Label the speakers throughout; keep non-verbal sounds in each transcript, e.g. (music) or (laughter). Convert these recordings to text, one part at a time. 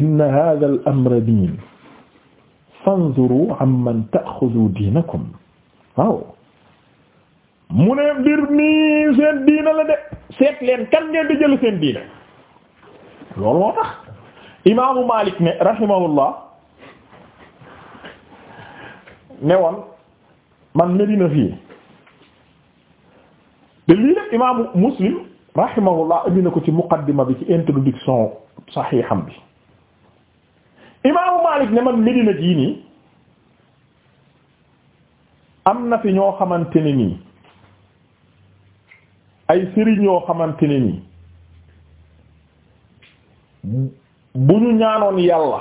Speaker 1: inna hadha al amra diin fanzuru amman ta'khudhu diinakum waaw mu ne mbir mi seen diina la de seet leen kan ngeen di jël seen diina loolu moo tax imaamu Maalik ne rahimahullah ne woon man Medina fii te lii lépp imaamu Muslim rahimahullah indi na ko ci muqaddima bi ci introduction saxiixam bi imaamu Maalik ne man Medina jii nii am na fi ñoo xamante ne nii ay sëriñ ñoo xamante ne nii bu ñu ñaanoon yàlla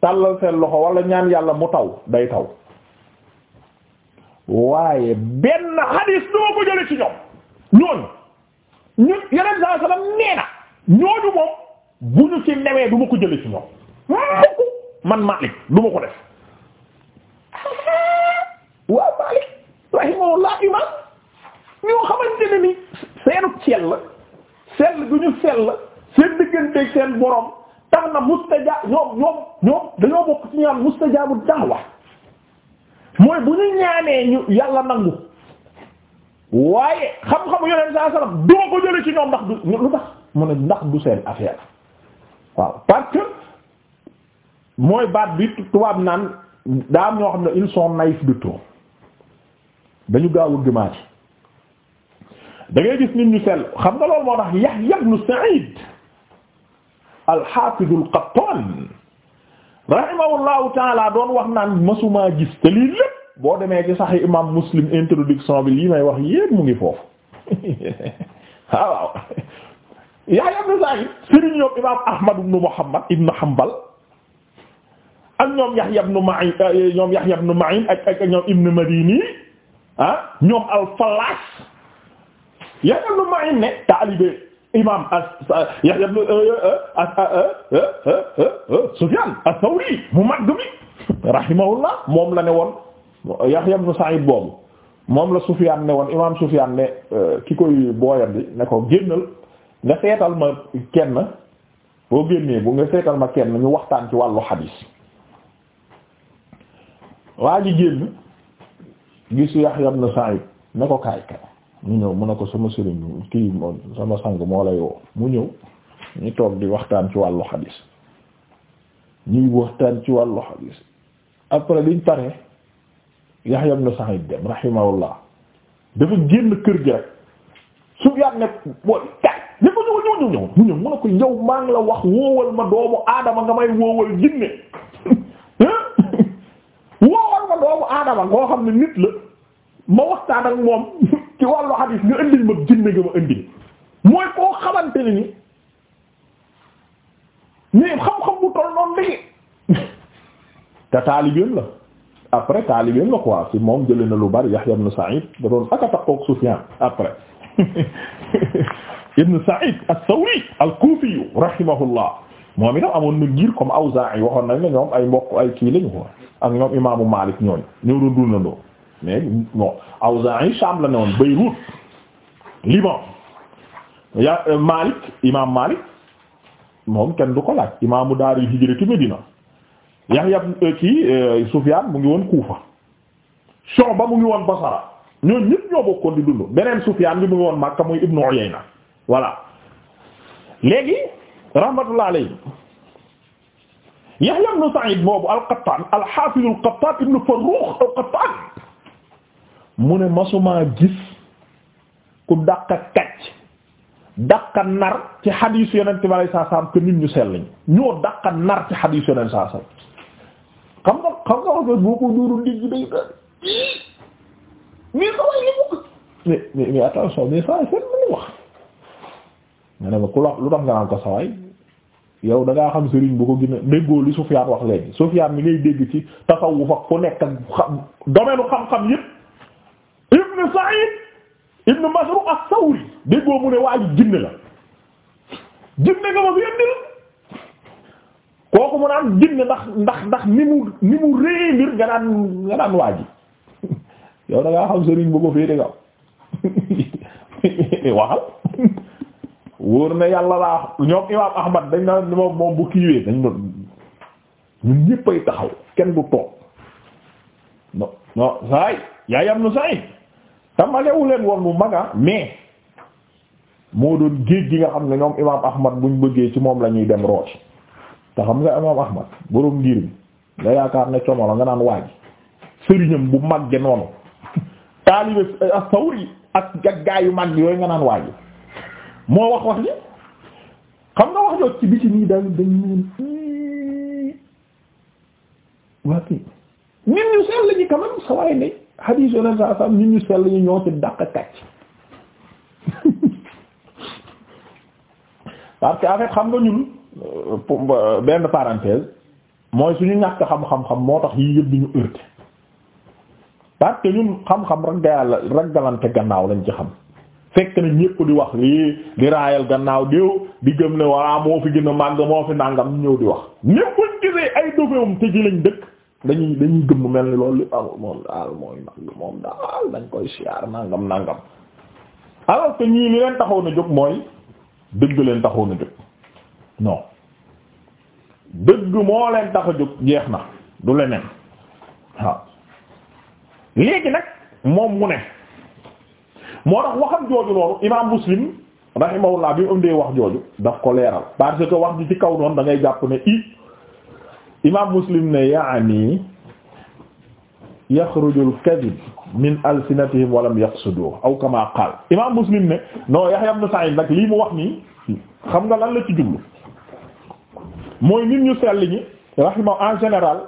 Speaker 1: tàllal seen loxo wala ñaan yàlla mu taw day taw waaye benn xadiis doo ko jële ci ñoom ñooñu ñu yeneen saa salaam nee na ñooñu moom bu ñu ci newee du ma ko jële ci ñoom man Malik du ma ko def waaw Malik rahimahullah imam ñoo xamante ne ni seenu sell sell gu ñu sell seen digganteeg seen borom tax na mustaja ñoom ñoom dañoo bokk ci ñaan mustajabu da'wa mooy bu ñu ñaanee ñu yàlla nangu waaye xam-xamu yoneen saa sallam doo ko jële ci ñoom ndax du lu tax mu ne ndax du seen affaire waaw parce mooy baat bi tubaab naan daa am ñoo xam ne ils sont naïfs de trop dañu gaaw a gëmaati da gis nit ñu sell xam nga loolu moo tax Yahya ibn Sa'id al-Hafiz al-Qattan rahimahullahu taala doon wax naan masumaa gis lépp boo demee ci sax imam Muslim introduction bi lii may wax yépp mu ngi foofu (laughs) ah, waaw Yahya ibn Sa'id sëriñ ñoom imam Ahmad ibn Muhammad ibn Hanbal ak ñoom Yahya ibn Ma'in ñoom Yahya ibn Ma'in ak ak ñoom Ibn Madini ñoom al-Fallaas Yahya ibn Ma'in ne taalibe imam Yahya ibn Sufyan ath mu mag mi rahimahullah moom la ne woon Yahya ibn Sa'id boobu moom la Sufyan ne woon imam Sufyan ne ki koy booyam bi ne ko génnal nga seetal ma kenn boo génnee bu nga seetal ma kenn ñu waxtaan ci wàllu hadis waa ji génn gisu Yahya ibn Sa'id ne ko kaay kaay mu ñëw mu ne ko sama sëriñ kii moom sama sang moo lay woo mu ñëw ñu toog di waxtaan ci wàllu xadiis ñuy waxtaan ci wàllu xadiis après liñ pare Yahya ibn Sa'id dem rahimahullah dafa génn kër gi rek Sufyaan ne booy kaay ne ko ñëw ñëw mu ñëw mu ne ko yow maa ngi la wax woowal ma doomu aadama nga may woowal jinne kanama ngoo xam ne nit la ma waxtaan ak moom (laughs) ci wàllu hadis nga indil ma jinne nga ma indil mooy koo xamante ne ni mais xam-xam bu toll noonu léegi (laughs) te taalibeem la après taalibeem la quoi si moom jëlee na lu bari Yahya ibn Sa'id da doon ak a taqoog Sufyan après (laughs) ibn Sa'id as-Sawri al-Kufi rahimahullah moom itam amoon na ngir comme Awzaa'i yi waxoon nañ ne ñoom ay mbokk ay kii lañu ko ak ñoom imaamu Maalik ñooñu ñëw doon dundandoo mais bon Awzaa'i yi Sham la ne woon Beyrouth Liban ya euh, Maalik imaam Maalik moom kenn du ko laaj imaamu daaru hijra ci Medina Yahya euh, kii euh, Sufyaan mu ngi woon Kuufa Shu'ba mu ngi woon Basra ñooñu ñëpp ñoo bokkoon di dund beneen Sufyaan bi mu ngi woon Makka muy Ibnu Uyayna voilà léegi. rahmatullah alayhi Yahya ibn Sa'id boobu al-Qattan al-Hafiz al-Qattan ibn Farrukh al-Qattan mu ne masuma gis ku dàqa kàcc dàqa nar ci xadiis Yonent bi alayhi salaam que ñu sell lañ ñoo dàqa nar ci xadiis Yonent bi alayhi salaam xam nga xam nga wax nga ne ma ku la lu tax nga naan saway yow dangaa ngaa xam sëriñ bu ko gën a déggoo li Sufyaan wax léegi Sufyaan mi ngay dégg ci tasawuf ak fu nekk xam domaine xam-xam yépp Ibn Sa'id Ibn Masruq as-Sawri déggoo mu ne waa ji la jinne nga ma fi indi la kooku mu naan jinne ndax ndax ndax ni mu ni mu réy mbir nga daan nga daan waa ji (laughs) yow da ngaa xam sëriñ bu ko féete nga (laughs) waxal wóor na yàlla laa ñoom imaam ahmad dañ na moom moom bu kiiwee dañ doon ñun ñëppay taxaw kenn du toog non non saay yaayam nu saay tamalewu leen woon bu maga mais moo doon géej gi nga xam ne ñoom imaam ahmad buñ bëggee ci moom la ñuy dem rooti te xam nga imaam ahmad boroom ngir nga yaakaar ne como nga naan waaj sëriñam bu magge noonu (laughs) taalibe eh, as-Sawri ak gaggaayu mag yooyu nga naan waaj moo wax wax ni xam nga wax jot ci biti nii daal dañ ñun hmm, waa kii ñun ñu sell ñi quand sa waaye ne hadis yoneen sa sam ñun ñu sell ñi ñoo ci dàq kàcc (laughs) parce que xam nga ñun euh, euh, benn parenthèse mooy suñu ñàkk xam-xam-xam moo tax yii yëpp di ñu heurté parce que ñun xam-xam ragal ragalante gannaaw lañ ci xam fekk na ñépp di wax lii di raayal gannaaw déew di gëm ne waa moo fi gën a màgg moo fi nàngam ñëw di wax ñépp buñ ay dofewum te ci lañ dëkk dañuy dañuy gëm mel ni moom daal mooy màgg moom daal dañ koy siyaar nangam nàngam alors que ñii li leen taxaw na jóg mooy dëgg leen taxaw na jóg non dëgg moo leen tax a jóg jeex na du leneen waaw léegi nag moom mu ne moo tax waxam jooju loolu imaam muslim rahimahullah bi mu ëndee wax jooju daf ko leeral parce que wax ji ci kaw noonu da ngay jàpp ne i imaam muslim ne yaani yaxruju al-kadhib min alsinatihim walam yaqsudu aw kama qaal imaam muslim ne non Yahya ibn Sa'id nag lii mu wax nii xam nga lan la ci jublu mooy nit ñu sell ñi rahima en général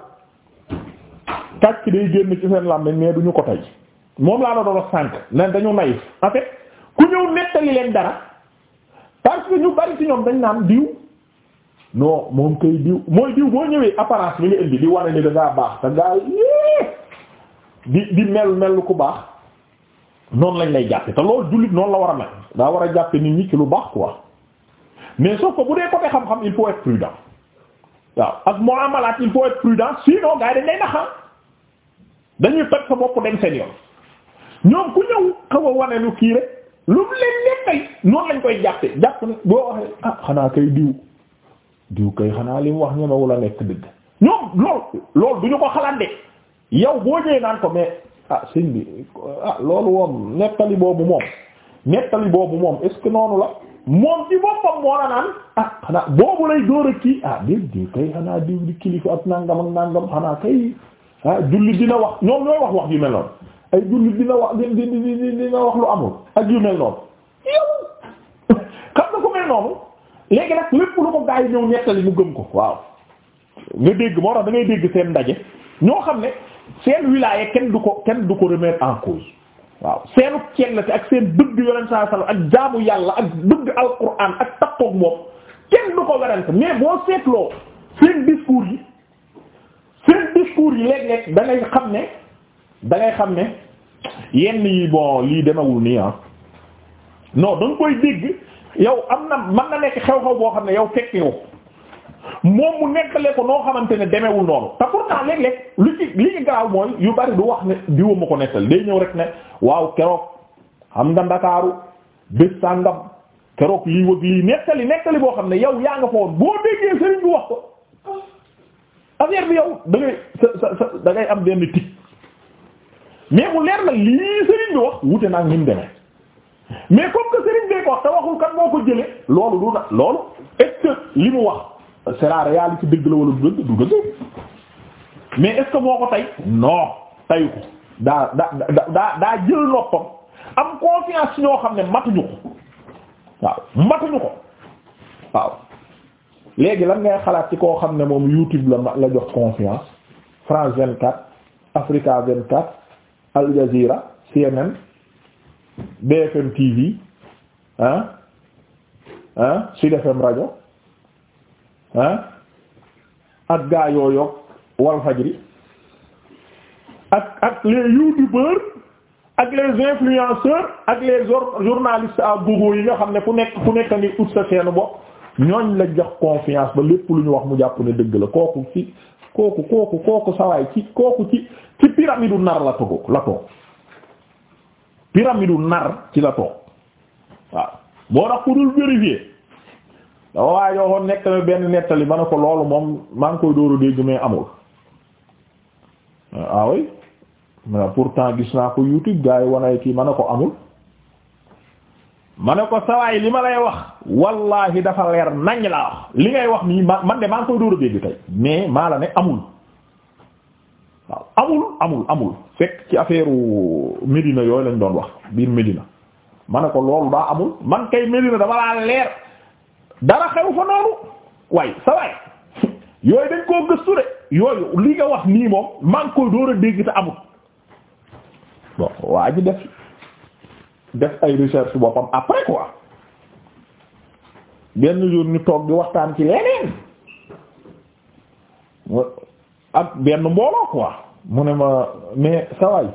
Speaker 1: kàcc day génn ci seen làmmiñ mais duñu ko tey moom laa la doon wax sànq leen dañu naïf en fait ku ñëw nettali leen dara parce que ñu bari ci ñoom dañ naan diw non moom koy diw mooy diw boo ñëwee apparence bi nga indi di wane ni da ngaa baax da ngaa di di mel mel ku baax noonu lañ lay jàppe te loolu jullit noonu la war a mel daa war a jàppe ni ñi ci lu baax quoi mais sauf que bu dee côté xam-xam il faut être prudent waaw ak muamalat il faut prudent sinon gars yi dañ lay naxa ah. dañuy toj sa bopp ñoom ku ñëw xaw a wane lu kii rek lu mu leen leen may lañ koy jàppe jàpp boo waxee ah xanaa kay diw diw kay xanaa li mu wax ñemewu la nekk dëgg ko xalaat de yow naan ko mais ah, ah loolu moom nettali boobu moom nettali boobu moom est-ce que noonu la ci boppam moo la ah, kii ah déet diw kay di kilifa ak nangam ak nangam xanaa kay ah dina wax ñoom ñooy wax wax yu mel ay jullit dina wax dina wax lu amul ak yu noonu yow xam nga ku mel noonu léegi nag lépp lu ko gaa yi ñëw ñettali mu gëm ko waaw nga dégg moo tax da ngay dégg seen ndaje ñoo xam ne seen wilaya kenn du ko kenn du ko remettre en cause waaw seenu cellate ak seen bëgg yoleen ak jaamu yàlla ak bëgg alquran ak takkoog moom kenn du ko werante mais boo seetloo seen discours yi seen discours yi léeg-léeg da xam ne da xam ne yenn yi bon lii demewul nii ah non da koy dégg yow am na mën na nekk xew-xew boo xam ne yaw fekk yow moom mu nettalee ko noo xamante ne demewul noonu te pourtant léeg-léeg lu ci li mooy yu bari du wax ne diwa ma ko nettal day ñëw rek ne waaw keroog xam nga ndakaaru bés sàngam keroog lii wëg lii nettali nettali boo xam ne yow yaa nga fa woon boo déggee sëriñ bi wax ko affaire bi yow da sa sa da am benn tic mais mu leer na lii sëriñ bi wax wute naa ñim demee mais comme que sëriñ bi ko wax te waxul kat moo ko jële loolu du na loolu est-ce que li mu wax c'est la réalité dëgg la wala du dëgg du dëgg mais est-ce que moo ko tey non tayu ko daa daa daa daa jël noppam am confiance ñoo xam ne matuñu ko waaw matuñu ko waaw léegi lan ngay xalaat ci koo xam ne moom YouTube la la jox confiance France 24 Africa 24 Al Jazeera CNN BFM TV ah ah Sud rajo ah ak gaa yooyu Walfadjri ak ak les youtubeurs ak les influenceurs ak les journalistes à gogo yi nga xam ne ku nekk ku nekk ngi ut sa seen bopp ñooñ la jox confiance ba lépp lu ñu wax mu jàpp ne dëgg la kooku ci kooku kooku kooku sawaay ci kooku ci ci nar la toog la toog pyramidu nar ci la toog waaw moo tax ku dul vérifier dafa waaye yoo nekk benn nettali ma ne ko loolu moom maa ngi koy dóoru dégg mais amul ah oui pourtant gis naa ko YouTube gars yi wane kii man ne ko amul ma ne ko sawaay li ma lay wax wallahi dafa leer nañ laa wax li ngay wax nii ma man de maa ngi koy dóor a dégg tey mais maa la ne amul waaw amul amul amul fekk ci affaire Médina yooyu lañ doon wax biir Médina ma ne ko loolu daa amul man kay Médina dama laa leer dara xew fa noonu waaye sawaay (laughs) yooyu dañ koo gëstu de yooyu li nga wax nii moom maa ngi koy dóor a dégg te amul bon waa ji def def ay recherche boppam après quoi benn jour ñu toog waxtaan ci leneen ak benn mbooloo quoi mu ne ma mais saway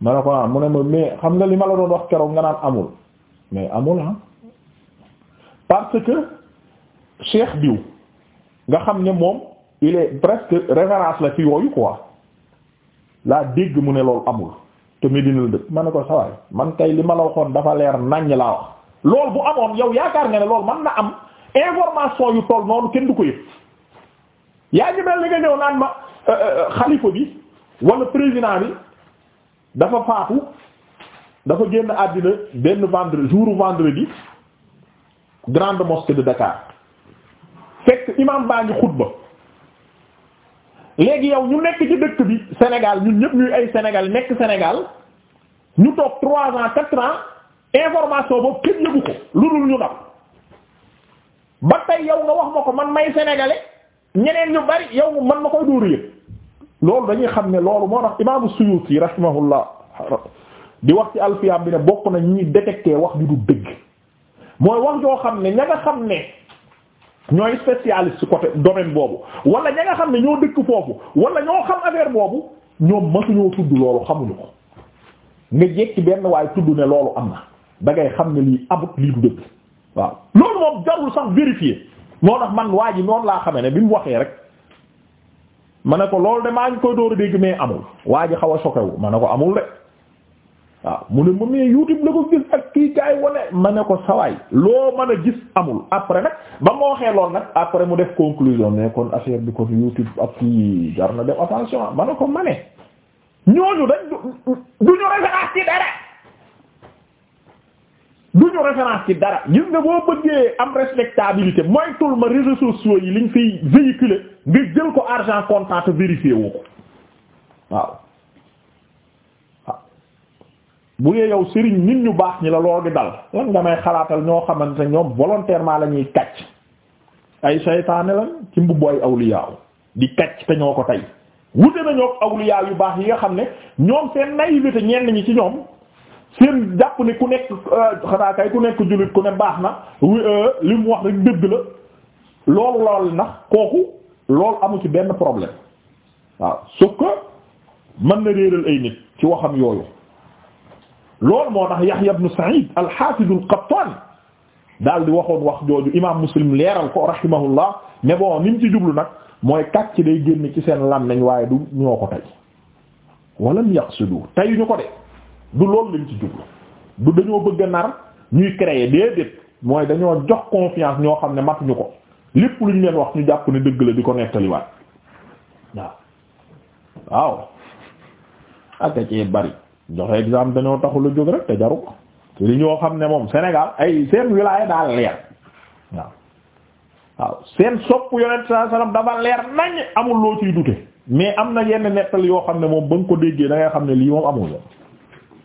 Speaker 1: ma ne ko ah mu ne ma mais xam nga li ma la doon wax keroog nga naan amul mais amul ah parce que cheikh diw nga xam ne moom il est presque référence la ci yooyu quoi laa dégg mu ne loolu amul te Medina ko sawaay man kay li ma la waxoon dafa leer naññ laa wax loolu bu amoon yow yaakaar nga ne loolu man na am information yu toll noonu kenn du ko yëpp yaa ngi mel ni nga ñëw naan ma euh, euh, xalifa bi wala président bi dafa faatu dafa génn àddina benn vendredi jour vendredi grande mosquée de Dakar fekk imam baa ngi xutba léegi yow ñu nekk ci dëkk bi Sénégal ñun ñëpp ñuy ay Sénégal nekk Sénégal ñu toog trois ans quatre ans information boobu kenn yëgu ko lu dul ñu dam ba tey yow nga wax ma ko man may sénégalais ñeneen ñu bari yow man ma koy dóoru yëpp loolu dañuy xam ne loolu moo tax imaamu Suyuti rahimahullah di wax ci alfiyaam bi ne bokk na ñu détecter wax ju du dëgg mooy wax joo xam ne ña nga xam ne ñooy spécialiste ci côté domaine boobu wala ña nga xam ne ñoo dëkk foofu wala ñoo xam affaire boobu ñoom masuñoo tudd loolu xamuñu ko nga jekki benn waaye tudd ne loolu am na da xam ne lii abut lii du dëgg waaw loolu moom jarul sax vérifier moo tax man waa ji noonu laa xamee ne bi mu waxee rek ma ne ko loolu de maa ngi koy door a dégg mais amul waa ji xaw a choqué wu ma ne ko amul de waaw mu ne ma mais YouTube la ko gis ak kii gaay wane ma ne ko sawaay loo mën a gis amul après nag ba moo waxee lool nag après mu def conclusion mais kon affaire bi kon YouTube ak kii jar na def attention ma ne ko ma ne ñooñu dañ du ñu référence ci dara du ñu référence ci dara gis nga boo bëggee am respectabilité mooy tul ma réseaux sociaux yi liñ fiy véhiculer nga jël ko argent comptant te vérifier woo ko waaw bu dee yow sëriñ nit ñu baax ñi la lool di dal lan nga may xalaatal ñoo xamante ñoom volontairement la ñuy kàcc ay saytaane lan ci mbubbu ay awliyaaw di kàcc te ñoo ko tey wute nañoo ak yu baax yi nga xam ne ñoom seen naïveté ñenn ñi ci ñoom seen jàpp ne ku nekk euh, xanaa kay ku nekk jullit ku ne baax na euh, li wax rek dëgg la loolu lool ndax kooku loolu amu ci benn problème waaw sauf que mën na réeral ay nit ci waxam yooyu. loolu moo tax Yahya ibn Sa'id al-Hafiz al-Qattan daal di waxoon wax jooju imaam Muslim leeral ko rahimahullah ne bon ni mu ci jublu nag mooy kàcc day génn ci seen làmmiñ waaye du ñoo ko tey walam yaqsudu tey ñu ko de du loolu lañ ci jublu du dañoo bëgg a nar ñuy créer déedéet mooy dañoo jox confiance ñoo xam ne matuñu ko lépp lu ñu leen wax ñu jàpp ne dëgg la di ko nettaliwaat waaw waaw aka ci bari joxe exemple dañoo taxul a jóg rek te jaru xam ne moom Sénégal ay seen wilaya daal leer waaw waaw seen sopp yonent saa salaam dafa leer nañ amul loo ciy dute mais am na yenn nettal yoo xam ne moom ba nga ko déggee da ngay xam ne lii moom amul la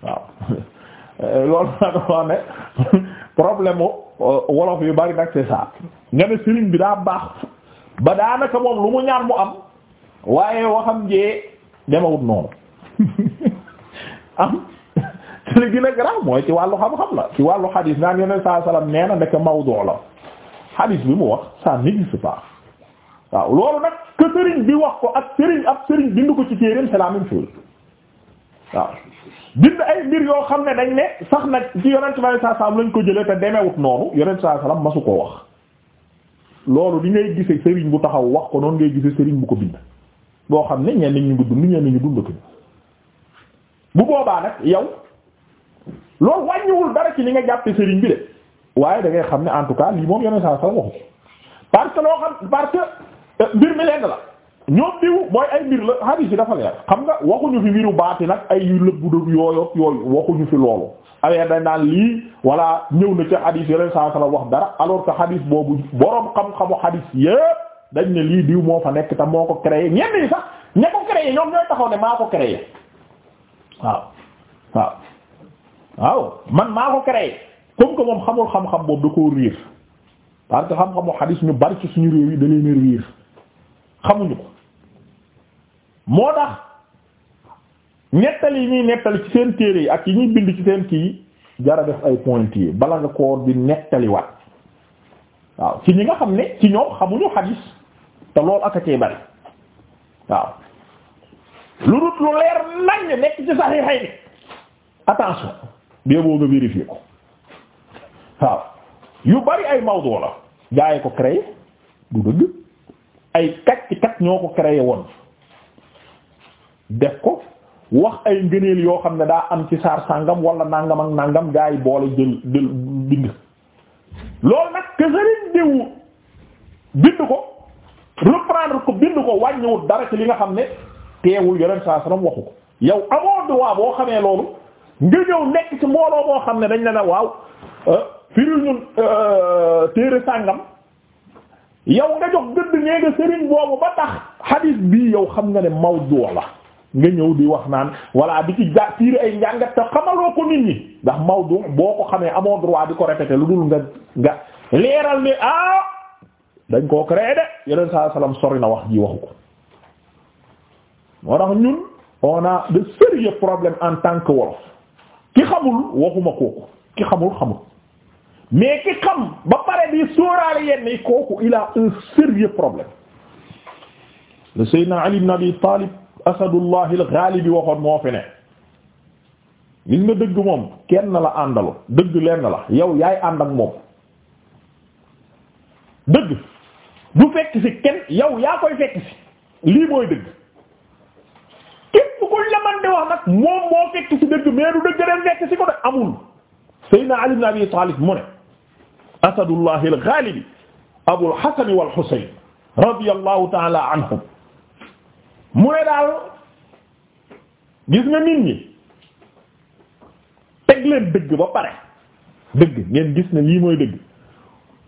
Speaker 1: waaw (laughs) loolu naa ko wax ne problème euh, wolof yu bari nag c'est ça nga ne sëriñ bi daa baax ba daanaka moom lu mu ñaan mu am waaye waxam jee demawut noonu (laughs) am ci (laughs) li gën a mooy ci wàllu xam-xam la ci wàllu xadis naan yeneen saa salaam nee na nekk mawdu la xadis bi mu wax ça n'existe pas waaw loolu nag que sëriñ bi wax ko ak sëriñ ab sëriñ bind ko ci téereem c'est la même waaw bind ay mbir yoo xam ne dañ ne sax nag ci yonent bi saa salaam lañ ko jëlee te demewut noonu yonent saa salaam masu koo wax loolu li ngay gise sëriñ bu taxaw wax ko noonu ngay gise sëriñ bu ko bind boo xam ne ñenn ñu ngi dund ñu dund bu boobaa nag yow loolu wàññiwul dara ci li nga jàppe sëriñ bi de waaye da ngay xam ne en tout cas lii moom yeneen saa sax waxu parce que loo xam parce que euh, mbir mi lenn la ñoom ay yi dafa leer xam nga waxuñu fi yooyu waxuñu fi loolu awee dañ naan lii walla ñëw na ca hadith yeneen saa sax wax dara alors que hadith boobu boroom xam-xamu hadith yépp dañ ne lii diw moo fa nekk te moo ko créé ñenn yi sax ña ko créé ñoom ñooy taxaw ne maa ko créé waaw waaw waaw man maa ko créé comme que moom xamul xam-xam boobu da koo riir parce xam-xamu xadiis ñu bari ci suñu réew yi da leen riir xamuñu ko moo tax nettali yi ñuy nettali ci seen téere yi ak yi ñuy bind ci seen kii jara def ay point yi bala nga koor di nettaliwaat waaw ci ñi nga xam ne ci ñoom xamuñu xadiis te loolu ak a bari waaw lu dut lu leer nañ nekk ci saxiixay ni attention bee nga vérifier ko waaw yu bari ay mawdu la gaa yi ko créé du dëgg ay kacc kat ñoo ko créé woon def ko wax ay ngëneel yoo xam ne daa am ci saar sàngam wala nàngam ak nàngam gaa yi boole jël jël bind loolu nag que diw bind ko reprendre ko bind ko wàññiwut dara ci li nga xam ne teewul yonent saa salaam waxu ko yow amoo droit boo xamee loolu nga ñëw nekk ci mbooloo boo xam ne dañ la ne waaw euh, firil ñun euh, téere sàngam yow nga jox gëdd nee nga boobu ba tax hadith bii yow xam nga ne mawdu la nga ñëw di wax naan walla bi ci jà tiir ay njàngat te xamaloo ko nit ñi ndax mawdu boo ko xamee amoo droit di ko répéter lu dul nga nga leeral ne ah dañ koo créé de yeneen saa salaam sori na wax ji waxu ko moo ñun on a de sérieux en tant que wolof ki xamul waxuma kooku ki xamul xamul mais ki xam ba pare di sóoraale yenn kooku il a un problème le Seydina Ali ibn Abi Talib asadullah al-ghalib waxoon moo fi ne gis nga dëgg moom kenn la àndalu dëgg lenn la yow yaay ànd ak moom dëgg du fekk ci kenn yow yaa koy fekk ci lii mooy dëgg képp kuñ la man di wax nag moom moo fekk ci dëgg du dëgg rek nekk ko de amul Seydina Ali ibn Abi Talib mu ne asadullah al-ghalib Abul Hasan wal Husayn radiyallahu ta'ala anhum mu ne daal gis nga nit ñi ba pare dëgg ngeen gis lii mooy dëgg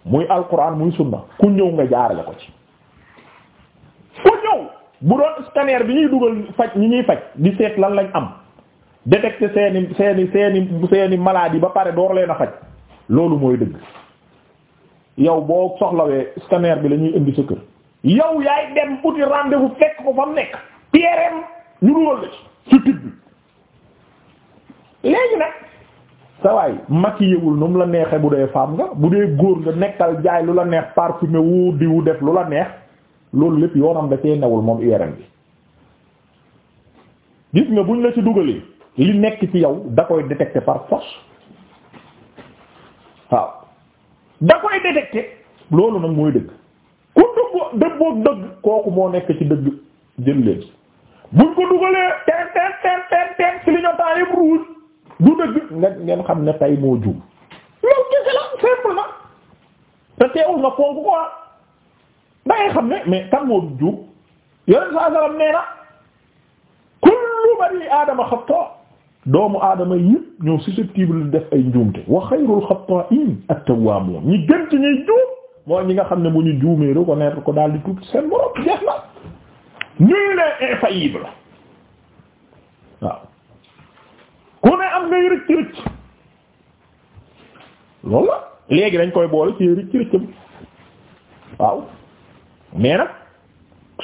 Speaker 1: muy alquran muy sunna ku ñëw nga jaarale ko ci bu doon scanner bi ñuy dugal faj ñu ñuy faj di seet lan lañ am détecter seeni seeni seeni seeni maladie ba pare door leen a faj loolu mooy dëgg yow boo soxlawee scanner bi lañuy indi sa kër yow yaay dem uti rendez-vous fekk ko fa mu nekk PRM ñu dugal la ci ci tibb léegi nag sa waay makiyewul nu mu la neexee bu dee femme nga bu dee góor nga nekkal jaay lu la neex parfumé wu diwu def lu la neex loolu lépp yoonam da cee newul moom urm bi gis nga buñ la ci dugalee li nekk ci yow da koy détecter par force waaw da koy détecter loolu nag mooy dëgg ku dugg dëggoog dëgg kooku moo nekk ci dëgg jël leen buñ ko dugalee ten ten ten ten ten clignotant yëpp rouge du dëgg nga ngeen xam ne tay moo juum loolu gisi la simplement te teewul nga fonk ko da ngay xam ne mais kan du juub yonent saa sallam nee na kullu bani aadama xata doomu aadama yëpp ñoo susceptible def ay njuumte wa xayrul xata'in at-tawwabun ñi gën ci ñuy juum moo ñi nga xam ne bu ñu juumee reconnaître ko daal di tuub seen borom jeex na ñuy leen infaillible waaw ku ne am ngay rëcc rëcc loolu léegi dañ koy boole ci rëcc rëccam waaw mais nag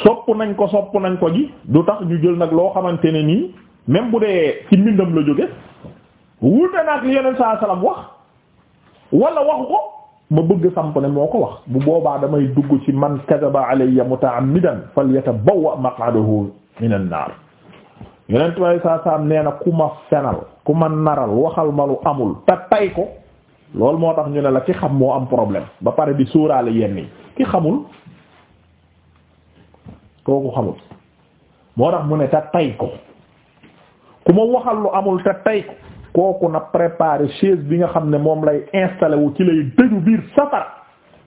Speaker 1: sopp nañ ko sopp nañ ko ji du tax ñu jël nag loo xamante ne nii même bu dee ci mbindam la jóge wuute nag li yeneen saa salaam wax wala waxu ko ma bëgg samp ne moo ko wax bu boobaa damay dugg ci man kadaba alayya mutaammidan falyatabawwa maq'adahu minan naar yeneen tubaab saa salaam nee na ku ma fenal ku ma naral waxal ma lu amul te tay ko loolu moo tax ñu ne la ki xam moo am problème ba pare di sóoraale yenn yi ki xamul. kooku xamul moo tax mu ne te tay ko ku ma waxal lu amul te tay ko kooku na préparer chaise bi nga xam ne moom lay installé wu ci lay dëju biir safara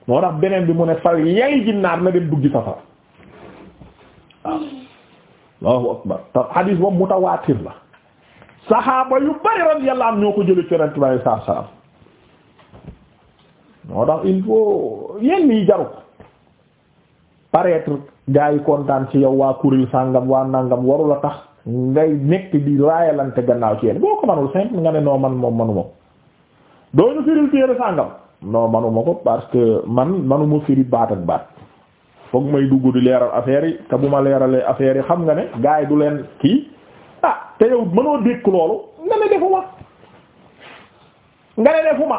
Speaker 1: moo tax beneen bi mu ne fal yali jinnaar na dem duggi safara waaw Allahu akbar te xadiis boobu mutawaatir la saxaaba yu bari radiyallahu anhum ñoo ko jële ci Yonent bi sallallahu alayhi moo tax il faut yenn yi jaru ko paraître gaa yi kontaan ci yow waa kuréel sàngam waa nàngam warula tax ngay nekk di laayalante gannaaw ci yéen boo ko manul simple nga ne noo man moom manuma ko doo ñu firil téere sàngam non manuma ko parce que man manuma firi baat ak baat foog may dugg di leeral affaire yi te bu ma leeralee affaire yi xam nga ne gaa yi du leen kii ah te yow mënoo dékk loolu nga ne defuma nga ne defuma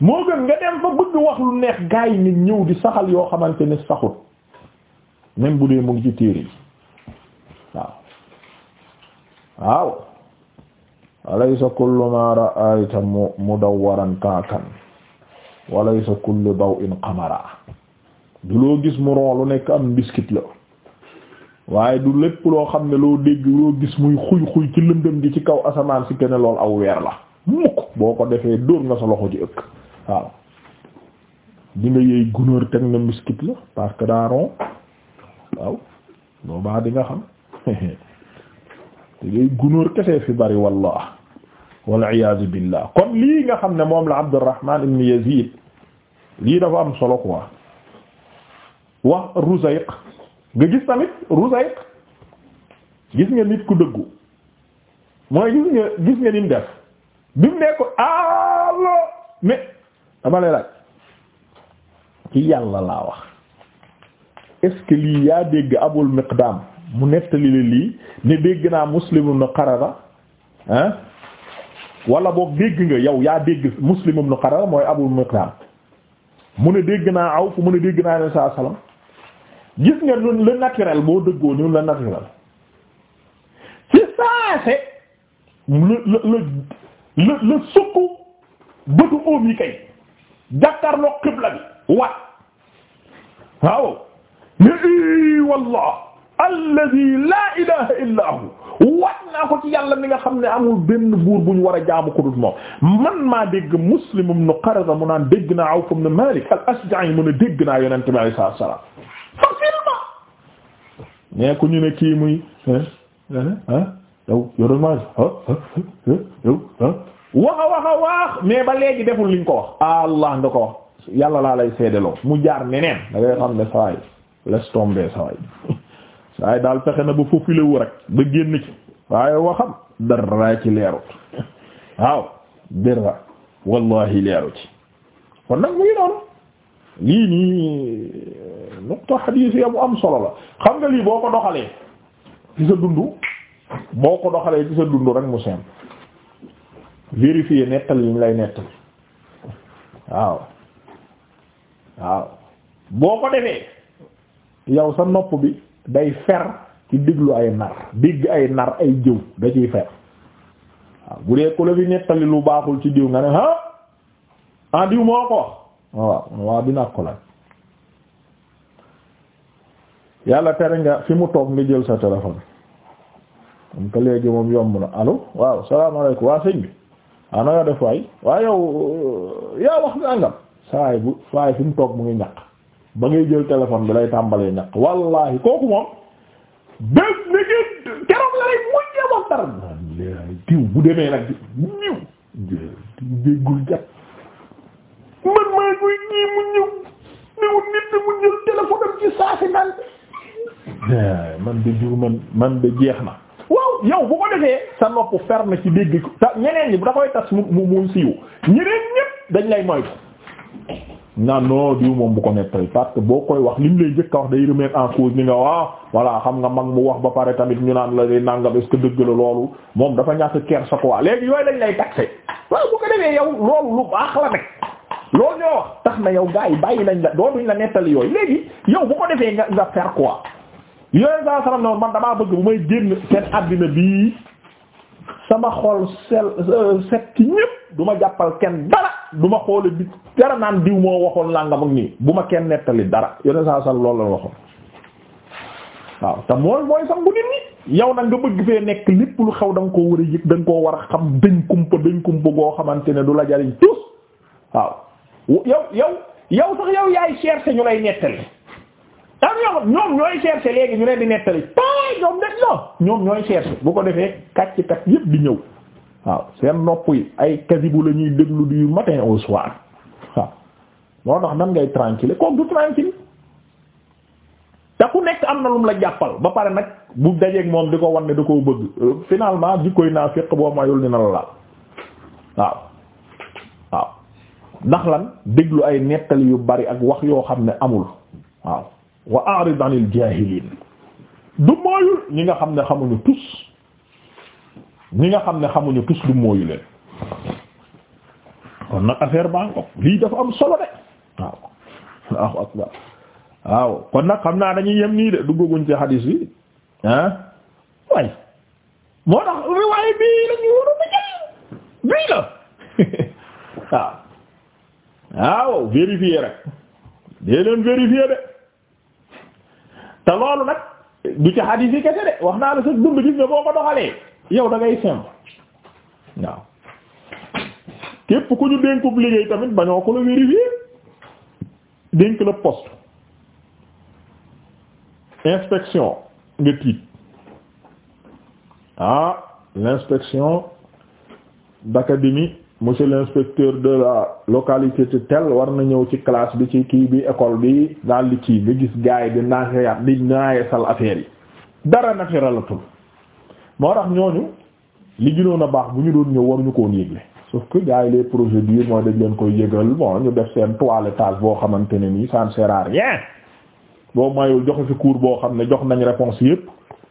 Speaker 1: moo gën nga dem fa bëgg wax lu neex gaa yi nit ñëw di saxal yoo xamante ne saxut même bu dee mu ngi ci téere yi waaw waaw walaysa kullu ma ra'ayta mu mudawwaran kaakan walaysa kullu daw'in qamara du loo gis mu ron lu nekk am biscuit la waaye du lépp loo xam ne loo dégg loo gis muy xuy xuy ci lëndëm gi ci kaw asamaan si kene lool aw weer la mukk boo ko defee dóor nga sa loxo ci ëkk waaw di yeey gunóor teg na miskit la parce que daa waaw boobaa di nga xam te (laughs) yeey gunóor kese fi bari wallah wal iyaazu billah kon lii nga xam ne moom la Abdurrahman ibn Yazid lii dafa am solo quoi wax Ruzayq nga gis tamit Ruzayq gis nga nit ku dëggu mooy gis nga gis nga ni def bi mu ne ko dama lay laaj ci yàlla laa wax est-ce que lii yaa dégg abul miqdam mu nettali la lii ne dégg naa muslim ibn qarara ah wala boobu dégg nga yow yaa dégg muslim ibn qarara mooy abul miqdam mu ne dégg naa aw fu mu ne dégg naa ne saa salaam gis nga ñun naturel boo dëggoo ñun le naturel ci saase le le le le sukk bëtu oom yi kay jàkkaarloo xibla bi waat waaw ne i wallah alladi laa ilaha hu waat naa ko ci yàlla mi nga xam ne amul benn buur bu ñu war a jaamu ko dul moom man maa dégg Muslim ibn Qarada mu naan dégg naa Awf ibn Malik al-Ashja'i mu ne dégg naa yonente bi alayhi salaatu salaam facilement ñee ku ñu ne kii muy eh, eh, eh, yow yow wax a wax a wax mais ba léegi deful liñ ko wax allah nga ko wax yàlla laa lay seedeloo mu jaar neneen da ngay xam ne sawaay laisse tomber sawaay (laughs) sawaay daal fexe na ba faofile wu rek ba génn ci waaye waxam dara ci leerut (laughs) waaw dara wallahi leeru ci kon nag mu noonu lii nii nuqta xadiis ya bu am solo la xam nga lii boo ko doxalee ci sa dund boo ko doxalee ci sa dund rek mu seen vérifier nettali li ñu lay nettali waaw waaw boo ko defee yow sa nopp bi day fer ci diglu ay nar digg ay nar ay jëw da ciy fer waaw bu dee ku la fi nettali lu baaxul ci diw nga ne ha en ah, diw moo ko waaw waaw dinaa ko laaj yàlla tere nga fi mu toog nga jël sa téléphone am te léegi moom yomb na alo waaw salaamaaleykum waa sëñ bi ana ah, nga def waay waaye euh, yaa wax nangam saay bu saay fi mu toog mu ngi ñaq ba ngay jël téléphone bi lay tàmbalee ñaq wallahi kooku moom bés ni ki keroog la rek muñ yemoon bu demee nag mu ñëw ñëw nit mu jël téléphone ci saa si naan man de diw man man de jeex na waaw yow bu ko defee sa nopp ferme ci dégg ta ñeneen ñi bu da koy tas mu mu siiw ñeneen ñépp dañ lay moytu naan non diw moom bu ko nettali parce que boo koy wax lim lay jëkk wax day remettre en cause ni nga waaw voilà xam nga mag mu wax ba pare tamit ñu naan la day nangam est-ce dëgg la loolu moom dafa ñàkk ker sa quoi léegi yooyu lañ lay taxé waaw bu ko defee yow loolu lu baax la nag loolu ñoo wax tax na yow gars yi bàyyi nañ la dootuñ la nettali yooyu léegi yooyu saa salam ne man damaa bëgg bu may génn seen àddina bii sama xol sel euh, set ci ñépp du jàppal kenn dara du ma xoole bi dara naan diw moo waxoon làngam ak nii bu ma kenn nettali dara yooyu saa salam loolu la waxoon waaw te mooy mooy sangu nit ñi yow nag nga bëgg fee nekk lépp lu xew da nga koo war a yëg da koo war a xam dañ kumpa dañ goo xamante ne du la jariñ tus waaw yow yow yow sax yow yaay chercher ñu lay nettali am ñoom ñooy chercher léegi ñu leen di nettali tay ñoom def na ñoom ñooy chercher bu ko defee kàcc kat yépp di ñëw waaw seen nopp yi ay kasibu la ñuy déglu du matin au soir waaw moo tax nan ngay tranquille kooku du tranquille te ku nekk am na lum la jàppal ba pare nag bu dajeeg moom di ko wan ne da koo bëgg euh, finalement di koy naa féq boo mayul dina la laal waaw waaw ndax lan déglu ay nettali yu bari ak wax yoo xam ne amul waaw wa a'rid 'anil nga xam ne xamuñu tus nga xam ne xamuñu tus du mooyu leen kon nag affaire baa am solo de waaw waaw akbar waaw kon nag xam naa dañuy yem nii de duggaguñ ci xadiis bi ah moo tax riwaay bii lañu wóoru ba bii la (laughs) waaw waaw rek dee leen vérifier de te loolu nag du ci xadiis kese de wax naa la sa dund gis nga boo ko doxalee yow da ngay simple waaw képp ku ñu dénkub liggéey tamit bañoo ko la vérifier dénk la poste inspection nga tiit ah l'inspection d'académie monsieur l'inspecteur de la localité de tel war na ñëw ci classe bi ci kii bi école bi daal di kii nga gis gaay di naxeyaat di naayesal affaire yi dara naturalatul moo tax ñooñu li gënoon a baax bu ñu doon ñëw waruñu koon yëgle sauf que gars yi les procédures mooy dañ leen koy yëgal bon ñu def seen toilettage boo xamante ne nii ça ne sert à rien boo mayul joxe fi cours boo xam ne jox nañ réponse yëpp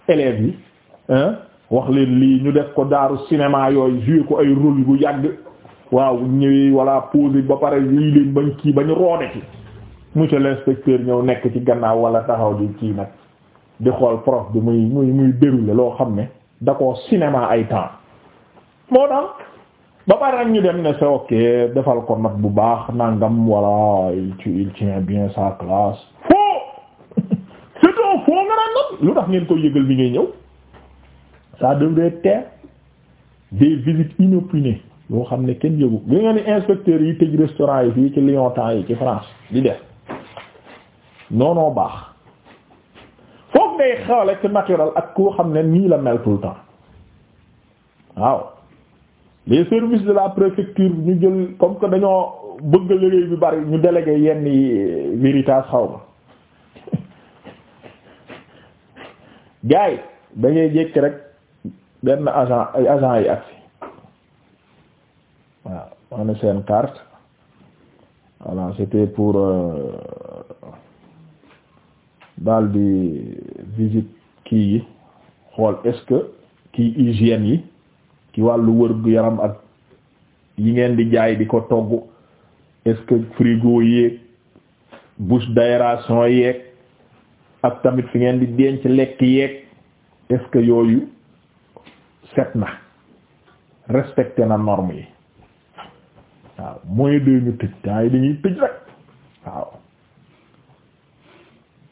Speaker 1: élèves yi wax leen lii ñu def ko daaru cinéma yooyu joué ko ay rôle bu yàgg waaw ñëwee walla posé ba pare lii leen bañ kii bañ roode ci monsieur l'inspecteur ñëw nekk ci gannaaw walla taxaw di kii nag di xool prof bi muy muy muy loo xam ne da koo cinéma ay temps moo tax ba pare nag ñu dem ne c'est ok defal ko nag bu baax nangam walla il tient bien sa classe faux (laughs) c'est un faux nga naan lu tax ngeen koy yëgal bi ngay ñëw ça devrait être des visites inopinées yoo xam ne kenn yëgu gi nga ni inspecteur yi tëj restaurant yi fii ci Lyon temps yi ci France di def noonoo baax foofu ngay xawale ci naturel ak koo xam ne nii la mel tout le temps waaw les services de la préfecture ñu jël comme que dañoo bëgg liggéey bi bari ñu délégué yenn yi euh, véritage xaw ma (laughs) gars yi da ngay rek benn agent ay agent yi agsi ana seen carte voilà c'était pour euh, daal di kii yi xool est-ce que kii hygiène yi ci wàllu wërgu yaram ak yi ngeen di jaay di ko toggu est-ce que frigo yéeg bouche d'aération yeeg ak tamit fi ngeen di denc lekk yéeg est-ce que yooyu set na respecté na norme yi waaw mooy deux ñu tëj gaa yi dañuy tëj rek waaw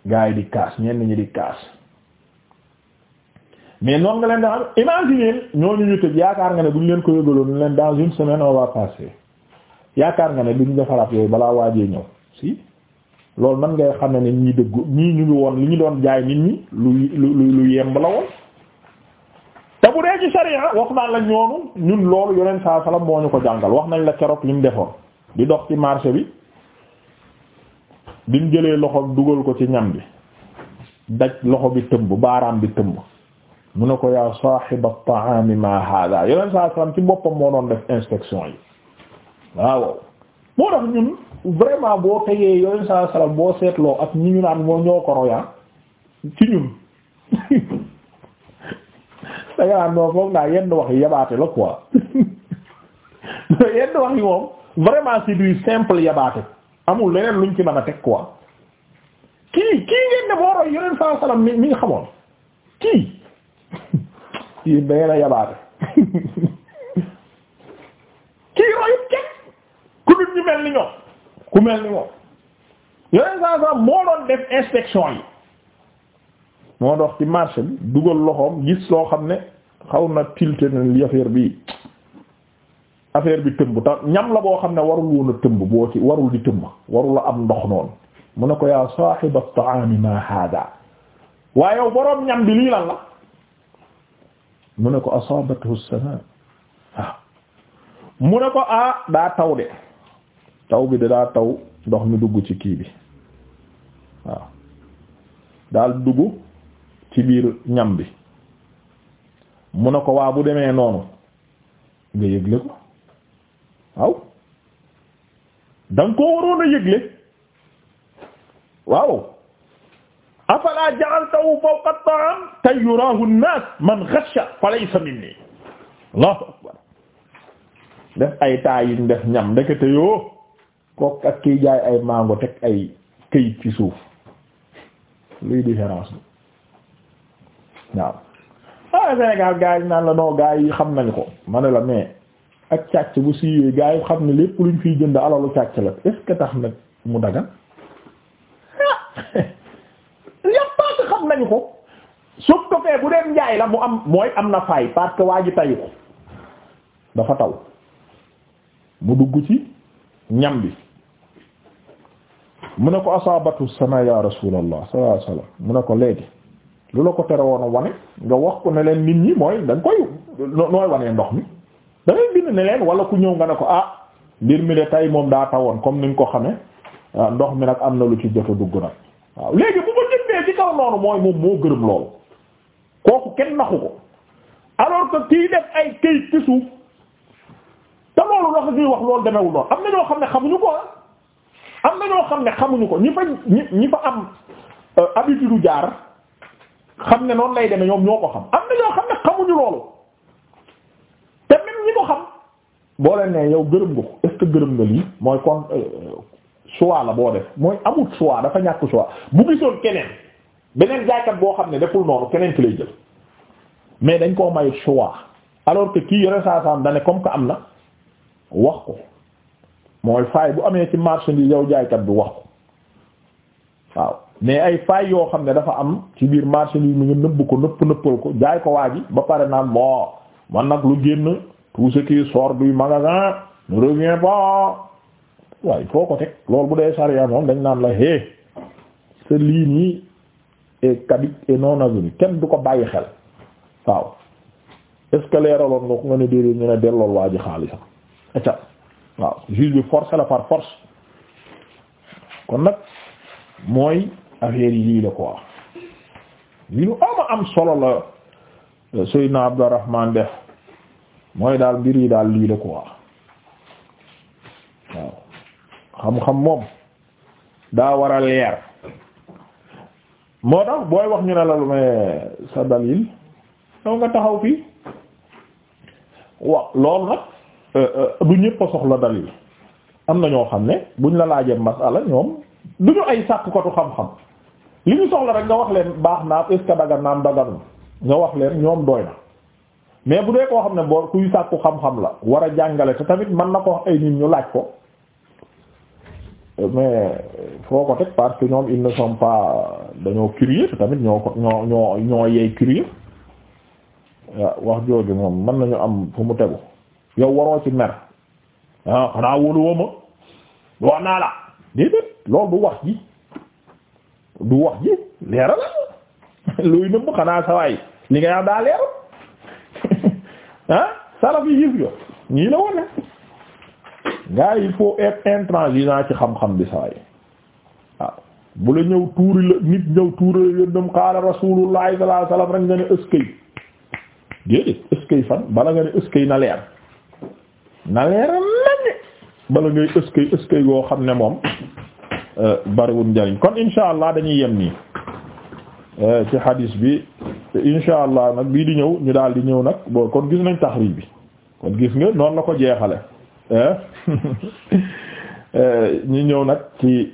Speaker 1: gaa di kaas ñenn ñi di kaas mais noonu nga leen da am imaginer ñoo ñu tëj yaakaar nga ne buñ leen ko yëgaloon leen dans une semaine on va passer yaakaar nga ne duñ defaraat yooyu balaa waajee ñëw si loolu man ngay xam ne ñii dëggu ñii ñu ngi woon li ñu doon jaay nit ñi lu lu lu yemb la woon te bu dee ci sariya wax naa la ñoonu ñun loolu yoneen saa salaam moo ñu ko jàngal wax nañ la keroog li mu defoon di dox ci marché bi bi jëlee loxoom dugal ko ci ñam bi daj loxo bi tëmb baaraam bi tëmb mu ne ko yaa saaxiba at-ta'aami ma haadaa yoneen saa salaam ci boppam moo doon def inspection yi waaw moo tax ñun vraiment boo tegee yoneen saa salaam boo seetloo ak ñi ñu naan moo ñoo ko royaan ah ci ñun. (laughs) da nga naan moom foog naa yenn wax yi yabaate la quoi (laughs) yenn wax yi moom vraiment c'est du simple yabaate amul leneen luñ ci mën a teg quoi kii kii ngeen ne boo roy yeneen saa mi mi nga xamoon kii (laughs) kii ngeen a yabaate (laughs) kii royut kenn ku dul ñu mel ni ñoom ku mel ni moom yeneen saa salaam moo doon def inspection moo dox ci marché bi dugal loxoom gis loo xam ne xaw na tilté na li affaire bi affaire bi tëmb ta ñam la boo xam ne warul woon tëmb boo ci warul di tëmb warul am ndox noonu mu ne ko yaa saahiba at ma haadaa waaye boroom ñam bi lii lan la mu ne ko asaabathu as mu ne ko ah daa taw de taw bi de daa taw ndox mi dugg ci kii bi waaw daal dugg ci biir ñam bi mu ne ko waa bu demee noonu nga yëgle ko waaw danga ko waroon a yëgle waaw afala ja'altahu fawqa at-ta'am kay yurahu an-nas man ghasha falaysa minni allahu akbar def ay taayin def ñam ndekete yoo kook ak kiy jaay ay mango teg ay këyit ci suuf luy différence waaw ah Sénégal yi naan la non gars yi xam nañ ko ma ne la mais ak càcc bu siiwee gars yi xam ne lépp luñ fiy jënd alalu càcc la est tax nag mu dagan ah (laughs) yàppaat xam nañu ko suuf ko fee bu dee njaay la mu am mooy am na fay parce que waa ji tayu ko dafa taw mu dugg ci ñam bi mu ne ko asaabatu sana ya rasulallah sallallahu alayhi wasallam mu ne ko léegi lu la ko tere woon a wane nga wax ko ne leen nit ñi mooy dañ koy nooy wanee ndox mi da bind ne leen wala ku ñëw nga ne ko ah mbir mi de tay moom daa tawoon comme ni nga ko xamee ah, ndox mi nag am lu ci jot a dugg nag waaw léegi bu ko jëndee ko kii def ay këyit ci suuf te loolu wax ñuy wax loolu demewul noonu am na ñoo xam ne xamuñu ko am na ñoo xam ne xamuñu ko ñi fa ñi ñi fa am euh, habitude jaar. xam ne noonu lay demee ñoom ñoo ko xam am na ñoo xam ne xamuñu loolu te même ñi ko xam boo leen nee yow gërëm nga ko est ce gërëm nga lii mooy kon euh, choix la boo def mooy amul choix dafa ñàkk choix bu gisoon keneen beneen jaaykat boo xam ne deful noonu keneen ki lay jël mais dañ koo may choix alors que kii yore saa saa dane comme que am na wax ko mooy faay bu amee ci march bi yow jaaykat bi wax ko. mais ay faay yoo xam ne dafa am ci biir marché bi mu ngi nëbb ko nëpp nëppal ko jaay ko waa ba pare naan bon man nag lu génn tout ce qui sort du magasin ne revient pas waaye foo ko teg loolu bu dee sariya moom dañ naan la hé sa lii nii est caduque kenn du ko bàyyi xel waaw est-ce que leeraloon nga ko nga ne déedéet ñu ne dellool waa ji acca waaw juge bi force la par force kon nag mooy affaire yi lii la quoi lii lu ama am solo la euh, Seydina Abdurrahman def mooy daal mbir yi daal lii la quoi waaw xam-xam moom daa war a leer moo tax booy wax ñu ne la lu may sa dalil daw nga taxaw fii waaw loolu nag euh, euh, du ñëpp a soxla dalil am na ñoo xam ne buñ la laajee masala ñoom du ñu ay sàkkukatu xam-xam li ñu soxla rek nga wax leen baax naam est ce que dagan nga wax leen ñoom doy na mais bu dee koo xam ne boo kuy sàkku xam-xam la war a jàngale te tamit mën na ko wax ay nit ñu laaj ko mais foo ko teg parce que ñoom ils pas dañoo curieux te tamit ñoo ko ñoo ñoo ñoo yey curieux wax jooju moom mën nañu am fu mu tegu yow waroo ci mer ah xanaa wóolu woo ma wax naa la déedéet loolu bu wax ji. du wax ji leeral looy (laughs) nëbb xanaa sawaay li nga yax daa leeral (laughs) ah salaf yi gis nga ñii la wone gars il faut être intransigeant ci xam-xam bi sawaay bu la ñëw tuuri la nit ñëw tuuri la yëndam xaala rasulullahi rek nga ne ëskay déedéet ëskay fan bala nga ne ëskay na leer na leeral lan bala ngay ëskay ëskay goo xam ne moom Euh, bariwul njariñ kon insha allah dañuy yem nii euh, ci hadis bi insha allah nag bii di ñëw ñu daal di ñëw nag bon kon gis nañ taxrij bi kon gis nga noonu la ko jeexale euh, (laughs) ñu ñëw nag ci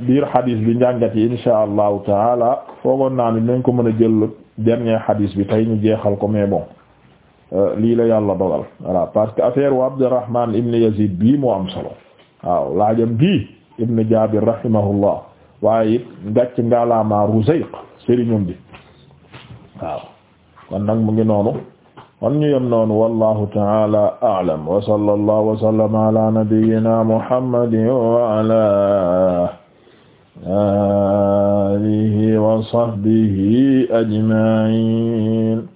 Speaker 1: biir hadis bi njàngat yi insha allahu taala foogoon naa ni nañ ko mën a jël dernier hadis bi tey ñu jeexal ko mais bon lii la yàlla dogal voilà parce que affaire wa ibn Yazid bii moo am solo waaw laajam bii ibn Jaabir rahimahullah waaye it gàcc ngaalaamaa Ruzayq sëriñum bi waaw kon nag mu ngi noonu kon ñu yem noonu wallahu ta'ala a'lam wa sallallahu wa sallama ala nabiyyina Muhammadin wa ala alihi wa sahbihi ajma'in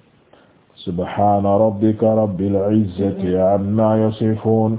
Speaker 1: subhana rabbika rabbil izzati amma yasifun